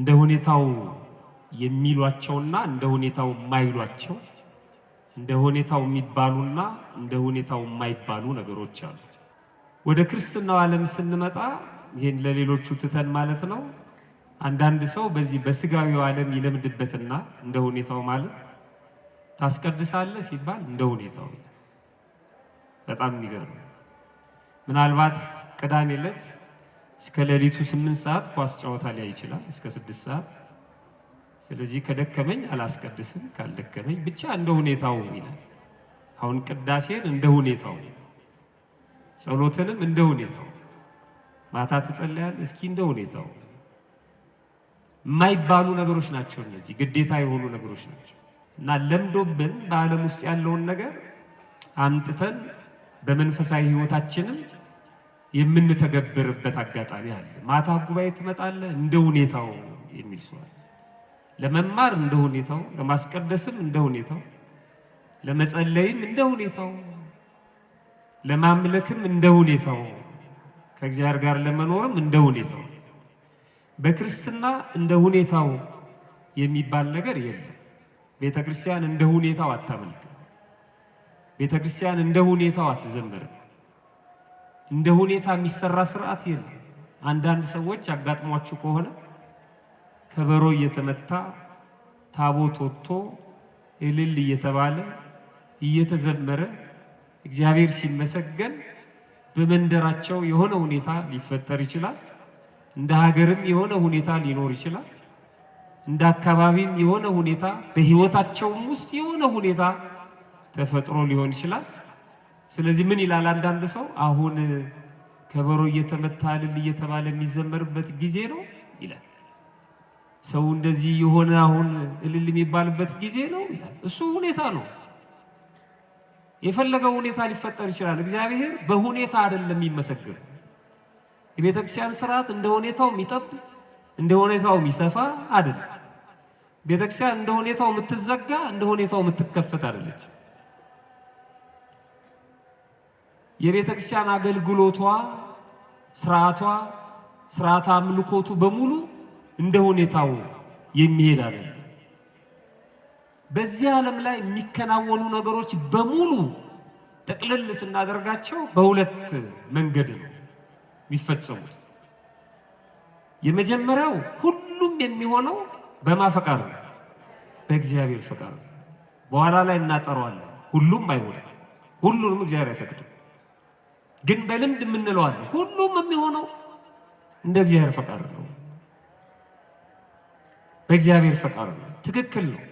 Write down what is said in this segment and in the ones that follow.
እንደ ሁኔታው የሚሏቸውና እንደ ሁኔታው የማይሏቸው እንደ ሁኔታው የሚባሉና እንደ ሁኔታው የማይባሉ ነገሮች አሉ። ወደ ክርስትናው ዓለም ስንመጣ ይህን ለሌሎቹ ትተን ማለት ነው። አንዳንድ ሰው በዚህ በስጋዊው ዓለም ይለምድበትና እንደ ሁኔታው ማለት ታስቀድሳለህ ሲባል እንደ ሁኔታው በጣም የሚገርም ምናልባት ቅዳሜ ዕለት እስከ ሌሊቱ ስምንት ሰዓት ኳስ ጨዋታ ሊያ ይችላል፣ እስከ ስድስት ሰዓት። ስለዚህ ከደከመኝ አላስቀድስም፣ ካልደከመኝ ብቻ እንደ ሁኔታው ይላል። አሁን ቅዳሴን እንደ ሁኔታው፣ ጸሎትንም እንደ ሁኔታው፣ ማታ ትጸለያል። እስኪ እንደ ሁኔታው የማይባሉ ነገሮች ናቸው እነዚህ፣ ግዴታ የሆኑ ነገሮች ናቸው እና ለምዶብን በዓለም ውስጥ ያለውን ነገር አምጥተን በመንፈሳዊ ህይወታችንም የምንተገብርበት አጋጣሚ አለ። ማታ ጉባኤ ትመጣለህ እንደ ሁኔታው የሚል ሰው ለመማር እንደ ሁኔታው፣ ለማስቀደስም እንደ ሁኔታው፣ ለመጸለይም እንደ ሁኔታው፣ ለማምለክም እንደ ሁኔታው፣ ከእግዚአብሔር ጋር ለመኖርም እንደ ሁኔታው። በክርስትና እንደ ሁኔታው የሚባል ነገር የለም። ቤተ ክርስቲያን እንደ ሁኔታው አታመልክም። ቤተ ክርስቲያን እንደ ሁኔታው አትዘምርም። እንደ ሁኔታ የሚሰራ ስርዓት የለም። አንዳንድ ሰዎች አጋጥሟችሁ ከሆነ ከበሮ እየተመታ ታቦት ወጥቶ እልል እየተባለ እየተዘመረ እግዚአብሔር ሲመሰገን በመንደራቸው የሆነ ሁኔታ ሊፈጠር ይችላል። እንደ ሀገርም የሆነ ሁኔታ ሊኖር ይችላል። እንደ አካባቢም የሆነ ሁኔታ በህይወታቸውም ውስጥ የሆነ ሁኔታ ተፈጥሮ ሊሆን ይችላል። ስለዚህ ምን ይላል? አንዳንድ ሰው አሁን ከበሮ እየተመታ እልል እየተባለ የሚዘመርበት ጊዜ ነው ይላል። ሰው እንደዚህ የሆነ አሁን እልል የሚባልበት ጊዜ ነው ይላል። እሱ ሁኔታ ነው። የፈለገው ሁኔታ ሊፈጠር ይችላል። እግዚአብሔር በሁኔታ አይደለም የሚመሰገን። የቤተክርስቲያን ስርዓት እንደ ሁኔታው የሚጠብ እንደ ሁኔታው የሚሰፋ አይደለም። ቤተክርስቲያን እንደ ሁኔታው የምትዘጋ እንደ ሁኔታው የምትከፈት አይደለች። የቤተ ክርስቲያን አገልግሎቷ፣ ስርዓቷ፣ ስርዓት አምልኮቱ በሙሉ እንደ ሁኔታው የሚሄድ አይደለም። በዚህ ዓለም ላይ የሚከናወኑ ነገሮች በሙሉ ጥቅልል ስናደርጋቸው በሁለት መንገድ ነው የሚፈጸሙት። የመጀመሪያው ሁሉም የሚሆነው በማፈቃድ ነው፣ በእግዚአብሔር ፈቃድ ነው። በኋላ ላይ እናጠረዋለን። ሁሉም አይሆንም፣ ሁሉንም እግዚአብሔር አይፈቅድም። ግን በልምድ የምንለው ሁሉም የሚሆነው እንደ እግዚአብሔር ፈቃድ ነው፣ በእግዚአብሔር ፈቃድ ነው። ትክክል ነው።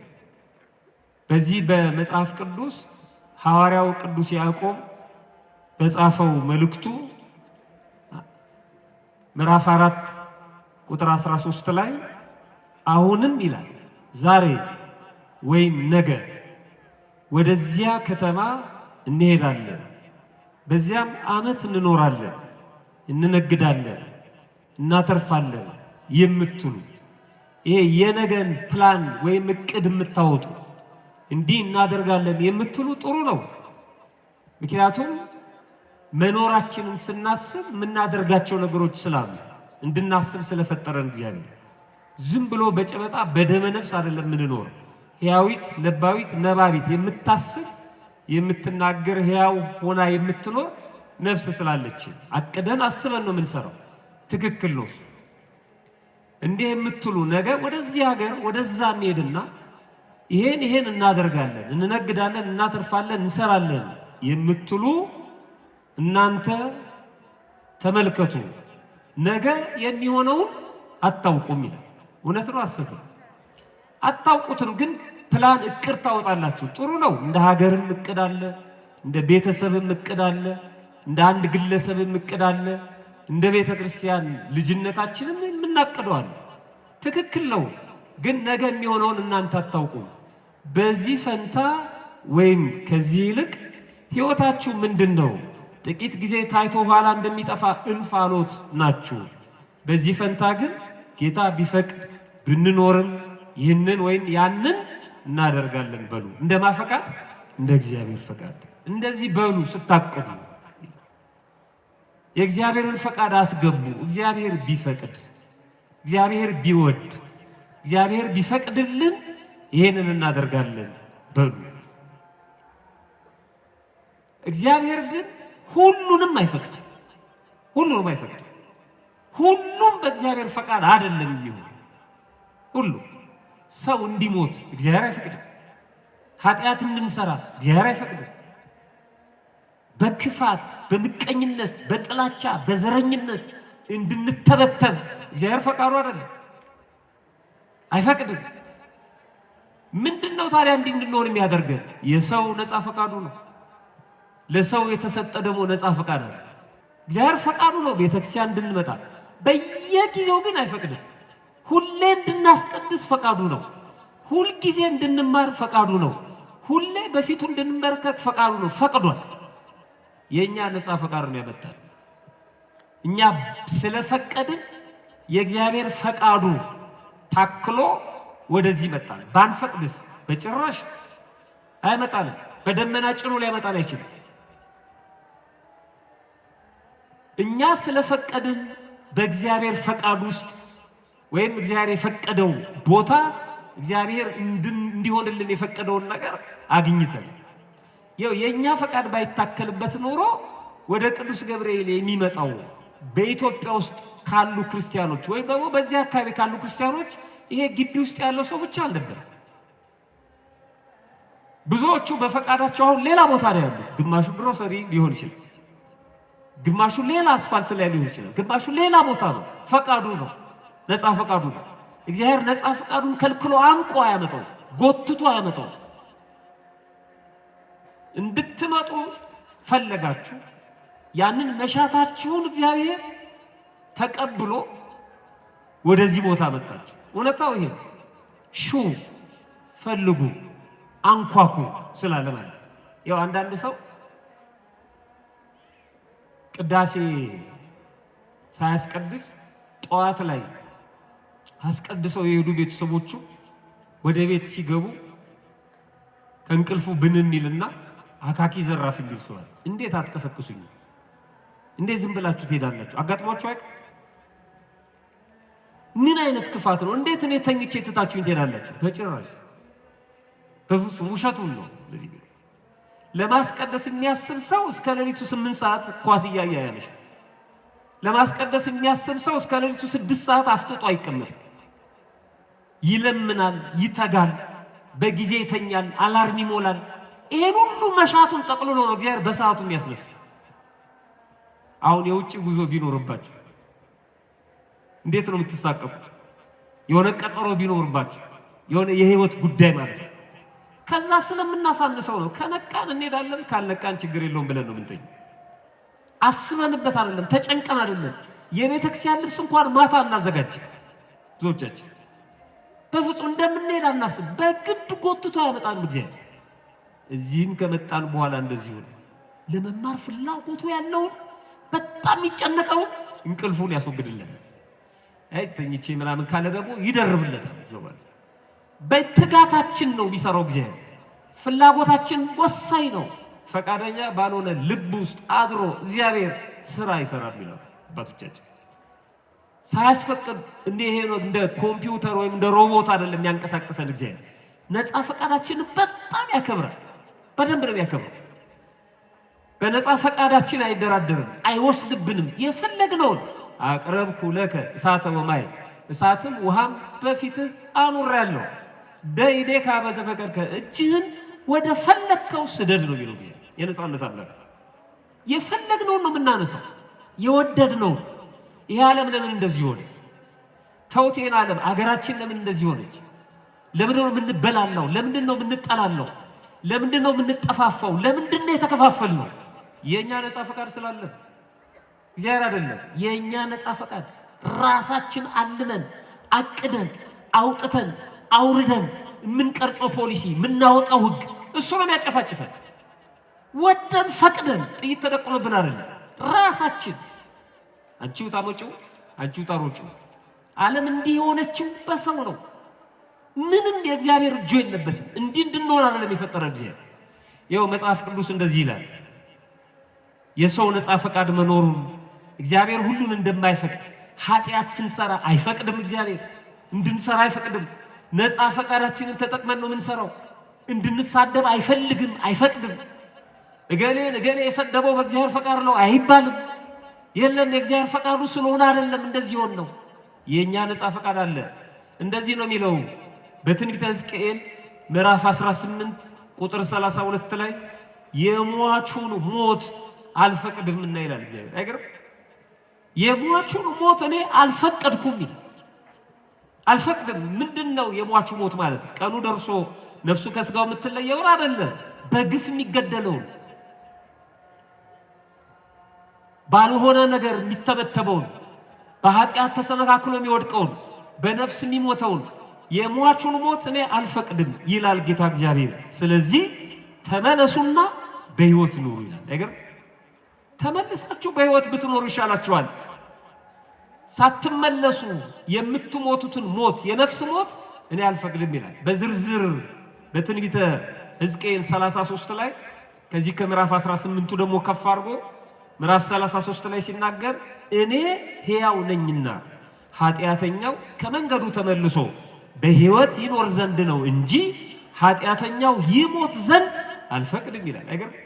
በዚህ በመጽሐፍ ቅዱስ ሐዋርያው ቅዱስ ያዕቆብ በጻፈው መልእክቱ ምዕራፍ አራት ቁጥር 13 ላይ አሁንም ይላል ዛሬ ወይም ነገ ወደዚያ ከተማ እንሄዳለን በዚያም ዓመት እንኖራለን፣ እንነግዳለን፣ እናተርፋለን የምትሉ ይሄ የነገን ፕላን ወይም እቅድ የምታወጡ እንዲህ እናደርጋለን የምትሉ ጥሩ ነው። ምክንያቱም መኖራችንን ስናስብ የምናደርጋቸው ነገሮች ስላሉ እንድናስብ ስለፈጠረን እግዚአብሔር ዝም ብሎ በጨበጣ በደመ ነፍስ አይደለም የምንኖር ሕያዊት፣ ለባዊት፣ ነባቢት የምታስብ የምትናገር ሕያው ሆና የምትኖር ነፍስ ስላለች አቅደን አስበን ነው የምንሰራው። ትክክል ነው። እንዲህ የምትሉ ነገ ወደዚህ ሀገር ወደዛ እንሄድና ይሄን ይሄን እናደርጋለን፣ እንነግዳለን፣ እናተርፋለን፣ እንሰራለን የምትሉ እናንተ ተመልከቱ፣ ነገ የሚሆነውን አታውቁም ይላል። እውነት ነው፣ አስተ አታውቁትም ግን ፕላን እቅድ ታወጣላችሁ። ጥሩ ነው። እንደ ሀገርም እቅድ አለ፣ እንደ ቤተሰብም እቅድ አለ፣ እንደ አንድ ግለሰብም እቅድ አለ። እንደ ቤተ ክርስቲያን ልጅነታችንም የምናቅደዋል። ትክክል ነው። ግን ነገ የሚሆነውን እናንተ አታውቁም። በዚህ ፈንታ ወይም ከዚህ ይልቅ ህይወታችሁ ምንድን ነው? ጥቂት ጊዜ ታይቶ ኋላ እንደሚጠፋ እንፋሎት ናችሁ። በዚህ ፈንታ ግን ጌታ ቢፈቅድ ብንኖርም ይህንን ወይም ያንን እናደርጋለን በሉ። እንደማ ፈቃድ እንደ እግዚአብሔር ፈቃድ እንደዚህ በሉ ስታቅዱ የእግዚአብሔርን ፈቃድ አስገቡ። እግዚአብሔር ቢፈቅድ እግዚአብሔር ቢወድ እግዚአብሔር ቢፈቅድልን ይህንን እናደርጋለን በሉ። እግዚአብሔር ግን ሁሉንም አይፈቅድም። ሁሉንም አይፈቅድም። ሁሉም በእግዚአብሔር ፈቃድ አይደለም የሚሆን ሁሉ ሰው እንዲሞት እግዚአብሔር አይፈቅድም። ኃጢአት እንድንሰራ እግዚአብሔር አይፈቅድም። በክፋት፣ በምቀኝነት፣ በጥላቻ፣ በዘረኝነት እንድንተበተብ እግዚአብሔር ፈቃዱ አይደለም፣ አይፈቅድም። ምንድን ነው ታዲያ እንዲህ እንድንሆን የሚያደርገን? የሰው ነፃ ፈቃዱ ነው። ለሰው የተሰጠ ደግሞ ነፃ ፈቃድ አለ። እግዚአብሔር ፈቃዱ ነው ቤተክርስቲያን እንድንመጣ። በየጊዜው ግን አይፈቅድም። ሁሌ እንድናስቀድስ ፈቃዱ ነው። ሁልጊዜ እንድንማር ፈቃዱ ነው። ሁሌ በፊቱ እንድንመርከክ ፈቃዱ ነው። ፈቅዷል። የእኛ ነፃ ፈቃድ ነው ያመጣል። እኛ ስለፈቀድን የእግዚአብሔር ፈቃዱ ታክሎ ወደዚህ መጣል። ባንፈቅድስ በጭራሽ አይመጣልም። በደመና ጭኖ ሊያመጣል አይችልም። እኛ ስለፈቀድን በእግዚአብሔር ፈቃድ ውስጥ ወይም እግዚአብሔር የፈቀደው ቦታ እግዚአብሔር እንዲሆንልን የፈቀደውን ነገር አግኝተን ይኸው የእኛ ፈቃድ ባይታከልበት ኖሮ ወደ ቅዱስ ገብርኤል የሚመጣው በኢትዮጵያ ውስጥ ካሉ ክርስቲያኖች ወይም ደግሞ በዚህ አካባቢ ካሉ ክርስቲያኖች ይሄ ግቢ ውስጥ ያለው ሰው ብቻ አልነበረ። ብዙዎቹ በፈቃዳቸው አሁን ሌላ ቦታ ላይ ያሉት፣ ግማሹ ግሮሰሪ ሊሆን ይችላል፣ ግማሹ ሌላ አስፋልት ላይ ሊሆን ይችላል፣ ግማሹ ሌላ ቦታ ነው። ፈቃዱ ነው። ነፃ ነው። እግዚአብሔር ነፃ ፈቃዱን ከልክሎ አንቆ አያመጣው፣ ጎትቶ አያመጣው። እንድትመጡ ፈለጋችሁ። ያንን መሻታችሁን እግዚአብሔር ተቀብሎ ወደዚህ ቦታ መጣችሁ። እውነታው ይሄ ሹ ፈልጉ፣ አንኳኩ ስላለ ማለት ነው። ያው አንዳንድ ሰው ቅዳሴ ሳያስቀድስ ጠዋት ላይ አስቀድሰው የሄዱ ቤተሰቦቹ ወደ ቤት ሲገቡ ከእንቅልፉ ብንን ይልና አካኪ ዘራፍ የሚል ሰዋል። እንዴት አትቀሰቅሱኝ? እንዴት ዝም ብላችሁ ትሄዳላችሁ? አጋጥሟችሁ አይቀር? ምን አይነት ክፋት ነው? እንዴት እኔ ተኝቼ ትታችሁኝ ትሄዳላችሁ? በጭራሽ በፍጹም ውሸቱን ነው። ለማስቀደስ የሚያስብ ሰው እስከ ሌሊቱ ስምንት ሰዓት ኳስ እያየ ያለሽ። ለማስቀደስ የሚያስብ ሰው እስከ ሌሊቱ ስድስት ሰዓት አፍጥጦ አይቀመጥም። ይለምናል፣ ይተጋል፣ በጊዜ ይተኛል፣ አላርም ይሞላል። ይሄን ሁሉ መሻቱን ጠቅልሎ ነው እግዚአብሔር በሰዓቱ የሚያስነሳ። አሁን የውጭ ጉዞ ቢኖርባችሁ እንዴት ነው የምትሳቀፉት? የሆነ ቀጠሮ ቢኖርባችሁ የሆነ የህይወት ጉዳይ ማለት ነው። ከዛ ስለምናሳንሰው ነው። ከነቃን እንሄዳለን፣ ካልነቃን ችግር የለውም ብለን ነው የምንተኛው። አስበንበት አይደለም፣ ተጨንቀን አይደለም። የቤተክርስቲያን ልብስ እንኳን ማታ እናዘጋጅ ብዙዎቻችን በፍጹም እንደምንሄድ አናስብ። በግድ ጎትቶ ያመጣን እግዚአብሔር። እዚህም ከመጣን በኋላ እንደዚሁ ነው። ለመማር ፍላጎቱ ያለውን በጣም ይጨነቀው እንቅልፉን ያስወግድለታል። አይ ተኝቼ ምናምን ካለ ደግሞ ይደርብለታል። በትጋታችን ነው ቢሰራው እግዚአብሔር። ፍላጎታችን ወሳኝ ነው። ፈቃደኛ ባልሆነ ልብ ውስጥ አድሮ እግዚአብሔር ስራ ይሰራል ይላል አባቶቻችን። ሳያስፈቅድ እንዲህ ይሄ እንደ ኮምፒውተር ወይም እንደ ሮቦት አይደለም ያንቀሳቀሰን። እግዚአብሔር ነፃ ፈቃዳችን በጣም ያከብራል። በደንብ ነው ያከብራል። በነፃ ፈቃዳችን አይደራደርም፣ አይወስድብንም። የፈለግነውን አቅረብኩ ለከ እሳተ ወማይ እሳትም ውሃም በፊትህ አኑሬያለሁ። ካበዘ ፈቀድከ እጅህን ወደ ፈለግከው ስደድ ነው የሚለው የነፃነት አምላክ። የፈለግነውን ነው የምናነሳው፣ የወደድነውን ይሄ ዓለም ለምን እንደዚህ ሆነ? ተውቴን ዓለም አገራችን ለምን እንደዚህ ሆነች? ለምንድን ነው የምንበላለው? ለምንድን ነው የምንጠላለው? ለምንድን ነው የምንጠፋፋው? ለምንድን ነው የኛ የእኛ ነፃ ፈቃድ ስላለ እግዚአብሔር አይደለም። የእኛ ነፃ ፈቃድ ራሳችን አልመን አቅደን አውጥተን አውርደን የምንቀርጸው ፖሊሲ የምናወጣው ህግ እሱ ነው የሚያጨፋጭፈን። ወደን ፈቅደን ጥይት ተደቅኖብን አይደለም ራሳችን አንቺው ታመጪው፣ አንቺው ታሮጪው። ዓለም እንዲህ የሆነችው በሰው ነው። ምንም የእግዚአብሔር እጁ የለበትም። እንዲህ እንድንሆን ዓለም የፈጠረ እግዚአብሔር። ይኸው መጽሐፍ ቅዱስ እንደዚህ ይላል፣ የሰው ነፃ ፈቃድ መኖሩን እግዚአብሔር ሁሉን እንደማይፈቅድ ኃጢአት ስንሰራ አይፈቅድም። እግዚአብሔር እንድንሰራ አይፈቅድም። ነፃ ፈቃዳችንን ተጠቅመን ነው የምንሰራው። እንድንሳደብ አይፈልግም፣ አይፈቅድም። እገሌን እገሌ የሰደበው በእግዚአብሔር ፈቃድ ነው አይባልም። የለን የእግዚአብሔር ፈቃዱ ስለሆነ አይደለም እንደዚህ ሆን ነው። የእኛ ነፃ ፈቃድ አለ። እንደዚህ ነው የሚለው በትንቢተ ሕዝቅኤል ምዕራፍ 18 ቁጥር 32 ላይ የሟቹን ሞት አልፈቅድም እና ይላል እግዚአብሔር። አይገርም? የሟቹን ሞት እኔ አልፈቀድኩም ይል አልፈቅድም። ምንድን ነው የሟቹ ሞት ማለት? ቀኑ ደርሶ ነፍሱ ከስጋው የምትለየውን አይደለም፣ በግፍ የሚገደለውን ባልሆነ ነገር የሚተበተበውን በኃጢአት ተሰነካክሎ የሚወድቀውን በነፍስ የሚሞተውን የሟቹን ሞት እኔ አልፈቅድም ይላል ጌታ እግዚአብሔር። ስለዚህ ተመለሱና በሕይወት ኑሩ ይላል። ነገር ተመልሳችሁ በሕይወት ብትኖሩ ይሻላችኋል። ሳትመለሱ የምትሞቱትን ሞት የነፍስ ሞት እኔ አልፈቅድም ይላል። በዝርዝር በትንቢተ ሕዝቅኤል 33 ላይ ከዚህ ከምዕራፍ 18ቱ ደግሞ ከፍ አድርጎ ምዕራፍ 33 ላይ ሲናገር እኔ ሕያው ነኝና ኃጢአተኛው ከመንገዱ ተመልሶ በሕይወት ይኖር ዘንድ ነው እንጂ ኃጢአተኛው ይሞት ዘንድ አልፈቅድም ይላል። አይገርም?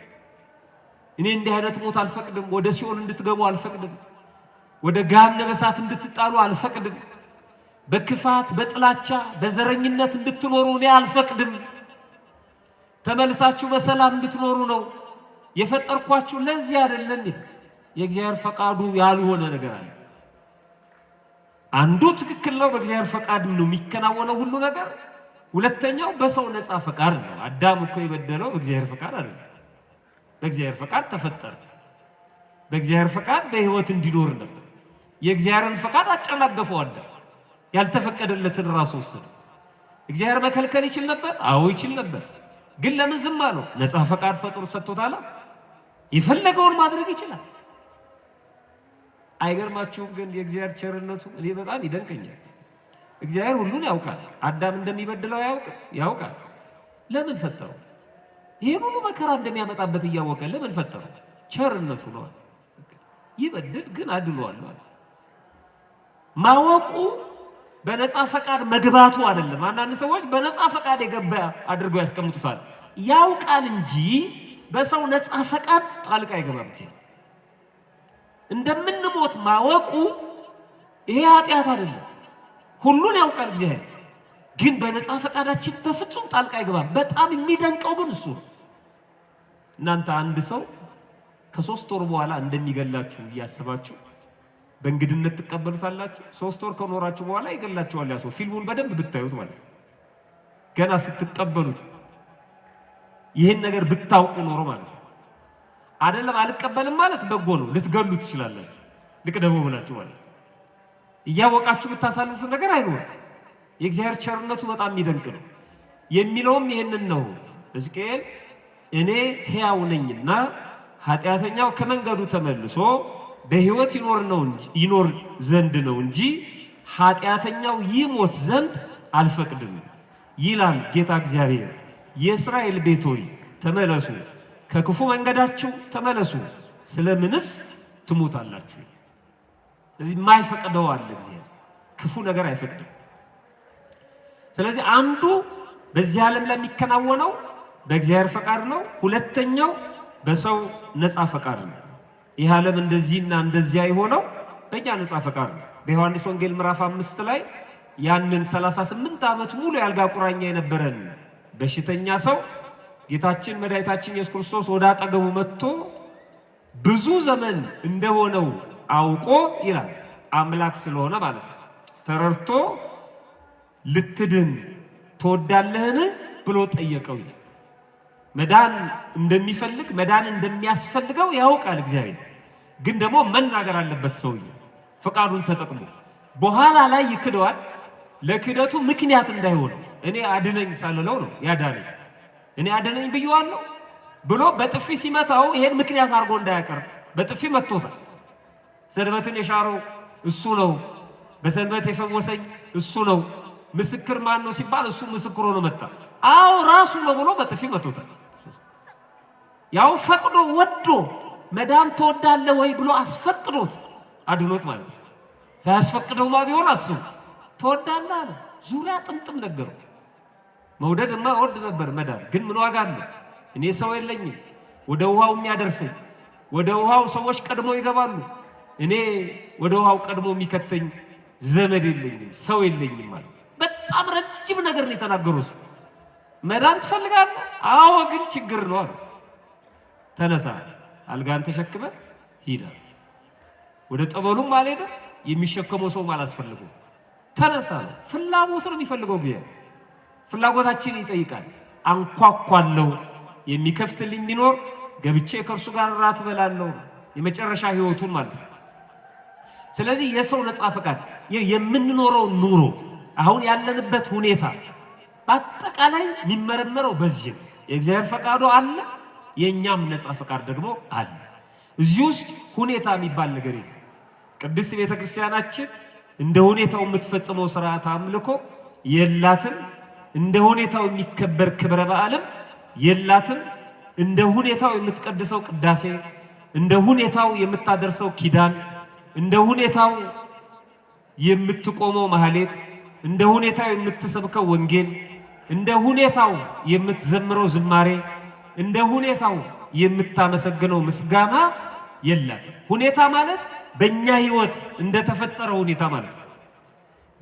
እኔ እንዲህ አይነት ሞት አልፈቅድም። ወደ ሲኦል እንድትገቡ አልፈቅድም። ወደ ገሃነመ እሳት እንድትጣሉ አልፈቅድም። በክፋት በጥላቻ በዘረኝነት እንድትኖሩ እኔ አልፈቅድም። ተመልሳችሁ በሰላም እንድትኖሩ ነው የፈጠርኳችሁ ለዚህ አይደለም። የእግዚአብሔር ፈቃዱ ያልሆነ ነገር አለ። አንዱ ትክክል ነው፣ በእግዚአብሔር ፈቃድ ነው የሚከናወነው ሁሉ ነገር። ሁለተኛው በሰው ነፃ ፈቃድ ነው። አዳም እኮ የበደለው በእግዚአብሔር ፈቃድ አይደለም። በእግዚአብሔር ፈቃድ ተፈጠረ። በእግዚአብሔር ፈቃድ በህይወት እንዲኖር ነበር። የእግዚአብሔርን ፈቃድ አጨናገፈው። አዳም ያልተፈቀደለትን ራሱ ወሰደ። እግዚአብሔር መከልከል ይችል ነበር? አዎ ይችል ነበር። ግን ለምን ዝም አለው? ነፃ ፈቃድ ፈጥሮ ሰጥቶታል። የፈለገውን ማድረግ ይችላል። አይገርማችሁም? ግን የእግዚአብሔር ቸርነቱ እኔ በጣም ይደንቀኛል። እግዚአብሔር ሁሉን ያውቃል። አዳም እንደሚበድለው ያውቃል። ለምን ፈጠረው? ይሄን ሁሉ መከራ እንደሚያመጣበት እያወቀ ለምን ፈጠረው? ቸርነቱ ነው። ይበድል ግን አድሏል። ማወቁ በነፃ ፈቃድ መግባቱ አይደለም። አንዳንድ ሰዎች በነፃ ፈቃድ የገባ አድርገው ያስቀምጡታል። ያውቃል እንጂ በሰው ነፃ ፈቃድ ጣልቃ ሲል እንደምንሞት ማወቁ ይሄ ኃጢአት አይደለም። ሁሉን ያውቃል እግዚአብሔር። ግን በነፃ ፈቃዳችን በፍጹም ጣልቃ አይገባም። በጣም የሚደንቀው ግን እሱ ነው። እናንተ አንድ ሰው ከሶስት ወር በኋላ እንደሚገላችሁ እያስባችሁ በእንግድነት ትቀበሉታላችሁ። ሶስት ወር ከኖራችሁ በኋላ ይገላችኋል። ያ ሰው ፊልሙን በደንብ ብታዩት ማለት ነው ገና ስትቀበሉት ይህን ነገር ብታውቁ ኖሮ ማለት ነው። አይደለም አልቀበልም ማለት በጎ ነው። ልትገሉ ትችላላችሁ፣ ልቅደሙ ብላችሁ ማለት እያወቃችሁ ብታሳልፉ ነገር አይኖርም። የእግዚአብሔር ቸርነቱ በጣም የሚደንቅ ነው። የሚለውም ይህንን ነው። ሕዝቅኤል እኔ ሕያው ነኝና ኃጢአተኛው ከመንገዱ ተመልሶ በሕይወት ይኖር ነው እንጂ ይኖር ዘንድ ነው እንጂ ኃጢአተኛው ይሞት ዘንድ አልፈቅድም ይላል ጌታ እግዚአብሔር። የእስራኤል ቤት ሆይ ተመለሱ፣ ከክፉ መንገዳችሁ ተመለሱ፣ ስለምንስ ትሞታላችሁ? ስለዚህ የማይፈቅደው አለ እግዚአብሔር፣ ክፉ ነገር አይፈቅድም። ስለዚህ አንዱ በዚህ ዓለም ላይ የሚከናወነው በእግዚአብሔር ፈቃድ ነው። ሁለተኛው በሰው ነፃ ፈቃድ ነው። ይህ ዓለም እንደዚህና እንደዚያ የሆነው በእኛ ነፃ ፈቃድ ነው። በዮሐንስ ወንጌል ምዕራፍ አምስት ላይ ያንን 38 ዓመት ሙሉ ያልጋ ቁራኛ የነበረን በሽተኛ ሰው ጌታችን መድኃኒታችን ኢየሱስ ክርስቶስ ወደ አጠገቡ መጥቶ ብዙ ዘመን እንደሆነው አውቆ ይላል አምላክ ስለሆነ ማለት ነው። ተረድቶ ልትድን ትወዳለህን ብሎ ጠየቀው ይላል። መዳን እንደሚፈልግ መዳን እንደሚያስፈልገው ያውቃል እግዚአብሔር። ግን ደግሞ መናገር አለበት ሰውዬ ፈቃዱን ተጠቅሞ በኋላ ላይ ይክደዋል። ለክደቱ ምክንያት እንዳይሆነው እኔ አድነኝ ሳልለው ነው ያዳነኝ። እኔ አድነኝ ብየዋለሁ ብሎ በጥፊ ሲመታው ይሄን ምክንያት አድርጎ እንዳያቀርብ በጥፊ መጥቶታል። ሰንበትን የሻረው እሱ ነው። በሰንበት የፈወሰኝ እሱ ነው። ምስክር ማን ነው ሲባል እሱ ምስክሮ ነው መጣ። አዎ ራሱ ነው ብሎ በጥፊ መጥቶታል። ያው ፈቅዶ ወዶ መዳን ተወዳለ ወይ ብሎ አስፈቅዶት አድኖት ማለት ነው። ሳያስፈቅደውማ ቢሆን አስቡ። ትወዳለህ አለ። ዙሪያ ጥምጥም ነገረው። መውደድማ ወድ ነበር መዳር ግን ምን ዋጋ አለ? እኔ ሰው የለኝም ወደ ውሃው የሚያደርሰኝ። ወደ ውሃው ሰዎች ቀድሞ ይገባሉ። እኔ ወደ ውሃው ቀድሞ የሚከተኝ ዘመድ የለኝም፣ ሰው የለኝም ማለት በጣም ረጅም ነገር ነው የተናገሩት። መዳን ትፈልጋለህ? አዎ፣ ግን ችግር ነው አለ። ተነሳ፣ አልጋን ተሸክመ ሂዳ። ወደ ጠበሉም አልሄደ፣ የሚሸከመው ሰውም አላስፈልገው። ተነሳ፣ ፍላጎት ነው የሚፈልገው ጊዜ ፍላጎታችን ይጠይቃል። አንኳኳለው የሚከፍትልኝ ቢኖር ገብቼ ከእርሱ ጋር ራት በላለሁ የመጨረሻ ህይወቱን ማለት ነው። ስለዚህ የሰው ነጻ ፈቃድ የምንኖረው ኑሮ አሁን ያለንበት ሁኔታ በአጠቃላይ የሚመረመረው በዚህ ነው። የእግዚአብሔር ፈቃዱ አለ፣ የእኛም ነጻ ፈቃድ ደግሞ አለ። እዚህ ውስጥ ሁኔታ የሚባል ነገር የለም። ቅድስት ቤተ ክርስቲያናችን እንደ ሁኔታው የምትፈጽመው ስርዓት አምልኮ የላትም። እንደ ሁኔታው የሚከበር ክብረ በዓልም የላትም። እንደ ሁኔታው የምትቀድሰው ቅዳሴ፣ እንደ ሁኔታው የምታደርሰው ኪዳን፣ እንደ ሁኔታው የምትቆመው ማህሌት፣ እንደ ሁኔታው የምትሰብከው ወንጌል፣ እንደ ሁኔታው የምትዘምረው ዝማሬ፣ እንደ ሁኔታው የምታመሰግነው ምስጋና የላትም። ሁኔታ ማለት በእኛ ህይወት እንደተፈጠረው ሁኔታ ማለት ነው።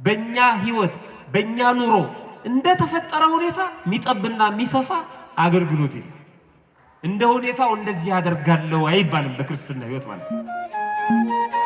በእኛ ህይወት በእኛ ኑሮ እንደ ተፈጠረ ሁኔታ የሚጠብና የሚሰፋ አገልግሎት የለም። እንደ ሁኔታው እንደዚህ ያደርጋለሁ አይባልም በክርስትና ሕይወት ማለት ነው።